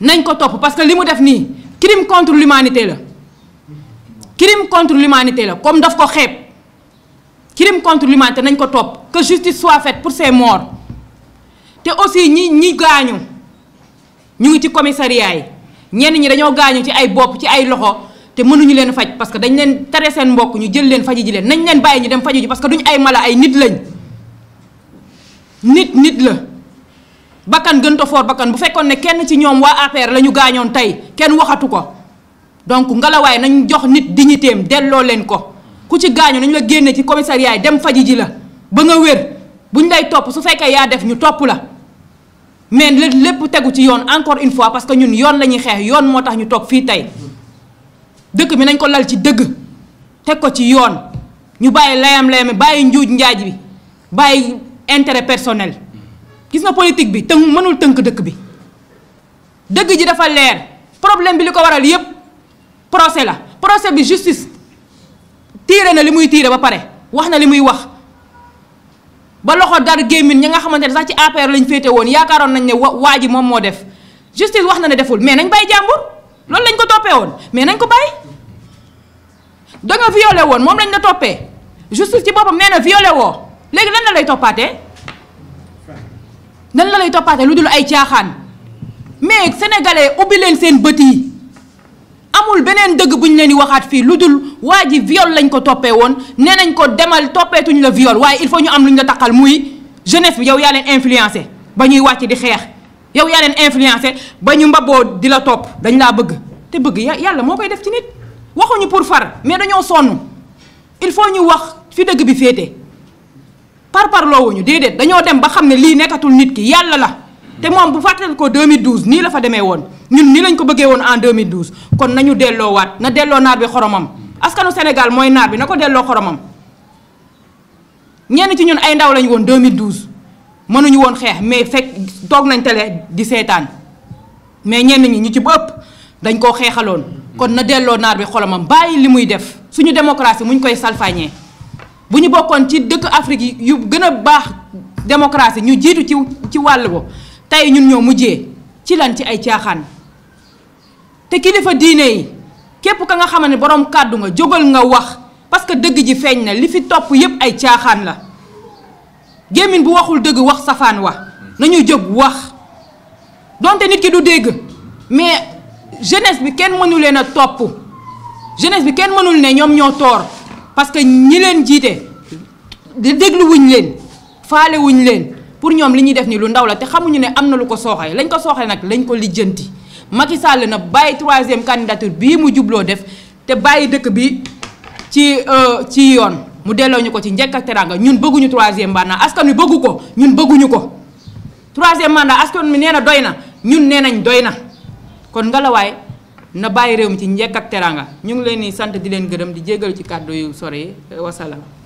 nañ ko topp parce que li mu def nii crime contre l'humanité la crime contre l'humanité la comme daf ko xeeb crime contre l'humanité nañ ko topp que justice soit fait pour ces morts te aussi ñi ñi gaañu ñu ngi ci commissariat yi ñenn ñi dañoo gaañu ci ay bopp ci ay loxo te mënuñu leen faj parce que dañ leen tere seen mbokk ñu jël leen faji ji leen nañ leen bàyyi ñu dem faju ji parce que duñ ay mala ay nit lañ nit nit la bakkan gën ta bakkan bu fekkoon ne kenn ci ñoom waa APR la ñu gaañoon tey kenn waxatu ko donc ngalawaay nañ jox nit di dignitéem delloo leen ko ku ci gaañu nañu la génne ci commissariat dem faji ji la ba nga wér buñ lay topp su fekkee yaa def ñu topp la mais lépp tegu ci yoon encore une fois parce que ñun yoon la ñuy xeex yoon moo tax ñu toog fii tey dëkk bi nañ ko lal ci dëgg teg ko ci yoon ñu bàyyi layam-layam bàyyi njuuj njaaj bi bàyyi intérêt personnel gis na politique bi tënk mënul tënk dëkk bi dëgg ji dafa leer problème bi li ko waral yépp procès la procès bi justice tiire na li muy tiire ba pare wax na li muy wax ba loxo dar gémmin ñi nga xamante ne sax ci APR lañ féete woon yaakaaroon nañ ne waa ji moom moo def justice wax na ne deful mais nañ bàyyi jàmbur loolu lañ ko toppee woon da nga violé woon moom lañ la toppee justice ci boppam nee violé woo léegi nan la lay toppaatee nan la lay toppaatee lu ay caaxaan mais sénégalais ubbi leen seen amul benen deug buñ ñu waxat fi waxaat waji viol lañ ko topé won nee nañ ko demal toppeetuñ la viol waaye il faut ñu am luñ la takal muy jeunesse bi yow ya len influencer bañuy wacc di xeex yow ya len influencer bañu ñu mbaboo di la topp dañ la bëgg té bëgg yàlla moo koy def ci nit. waxuñu pour far mais dañoo sonn il faut ñu wax fi dëgg bi féete par parloowuñu déedéet dañoo dem ba xam ne lii nekkatul nit ki yàlla la te moom bu fàttali ko 2012 nii la fa demee woon ñun nii lañ ko bëggee woon en 2012 kon nañu delloowaat na delloo naar bi xoromam askanu Sénégal mooy naar bi na ko delloo xoromam ñenn ci ñun ay ndaw lañu woon 2012 mënuñu woon xeex mais fekk toog nañ télé di seetaan mais ñenn ñi ñu ci ëpp dañ koo xeexaloon. kon na delloo naar bi xolomam bàyyi li muy def suñu démocratie muñ koy salfaañee bu ñu bokkoon ci dëkk Afrique yu gën a baax démocratie ñu jiitu ci ci wàll bo tey ñun ñoo mujjee ci lan ci ay caaxaan te kilifa diine yi képp ka nga xam ne borom kàddu nga jógal nga wax parce que dëgg ji feeñ na li fi topp yépp ay caaxaan la gémmiñ bu waxul dëgg wax safaan wa nañu jóg wax donte nit ki du dégg mais. jeunesse bi kenn mënu leen a topp jeunesse bi kenn mënul ne ñoom ñoo toor parce que ñi leen jiite dégluwuñ leen faalewuñ leen pour ñoom li ñuy def ni lu ndaw la te xamuñu ne am na lu ko sooxee lañ ko sooxee nag lañ ko lijjanti Macky Sall na bàyyi troisième candidature bii mu jubloo def te bàyyi dëkk bi ci euh, ci yoon mu delloo ñu ko ci njekk ak teraanga ñun bëgguñu troisième mandat askan wi bëggu ko ñun bëgguñu ko troisième mandat askan wi nee na doy na ñun nee nañ doy na kon ngelawaay na bàyyi réew mi ci njekk ak teraanga ñu ngi leen di sant di leen gërëm di jégalu ci kàddu yu sore yi wasalaam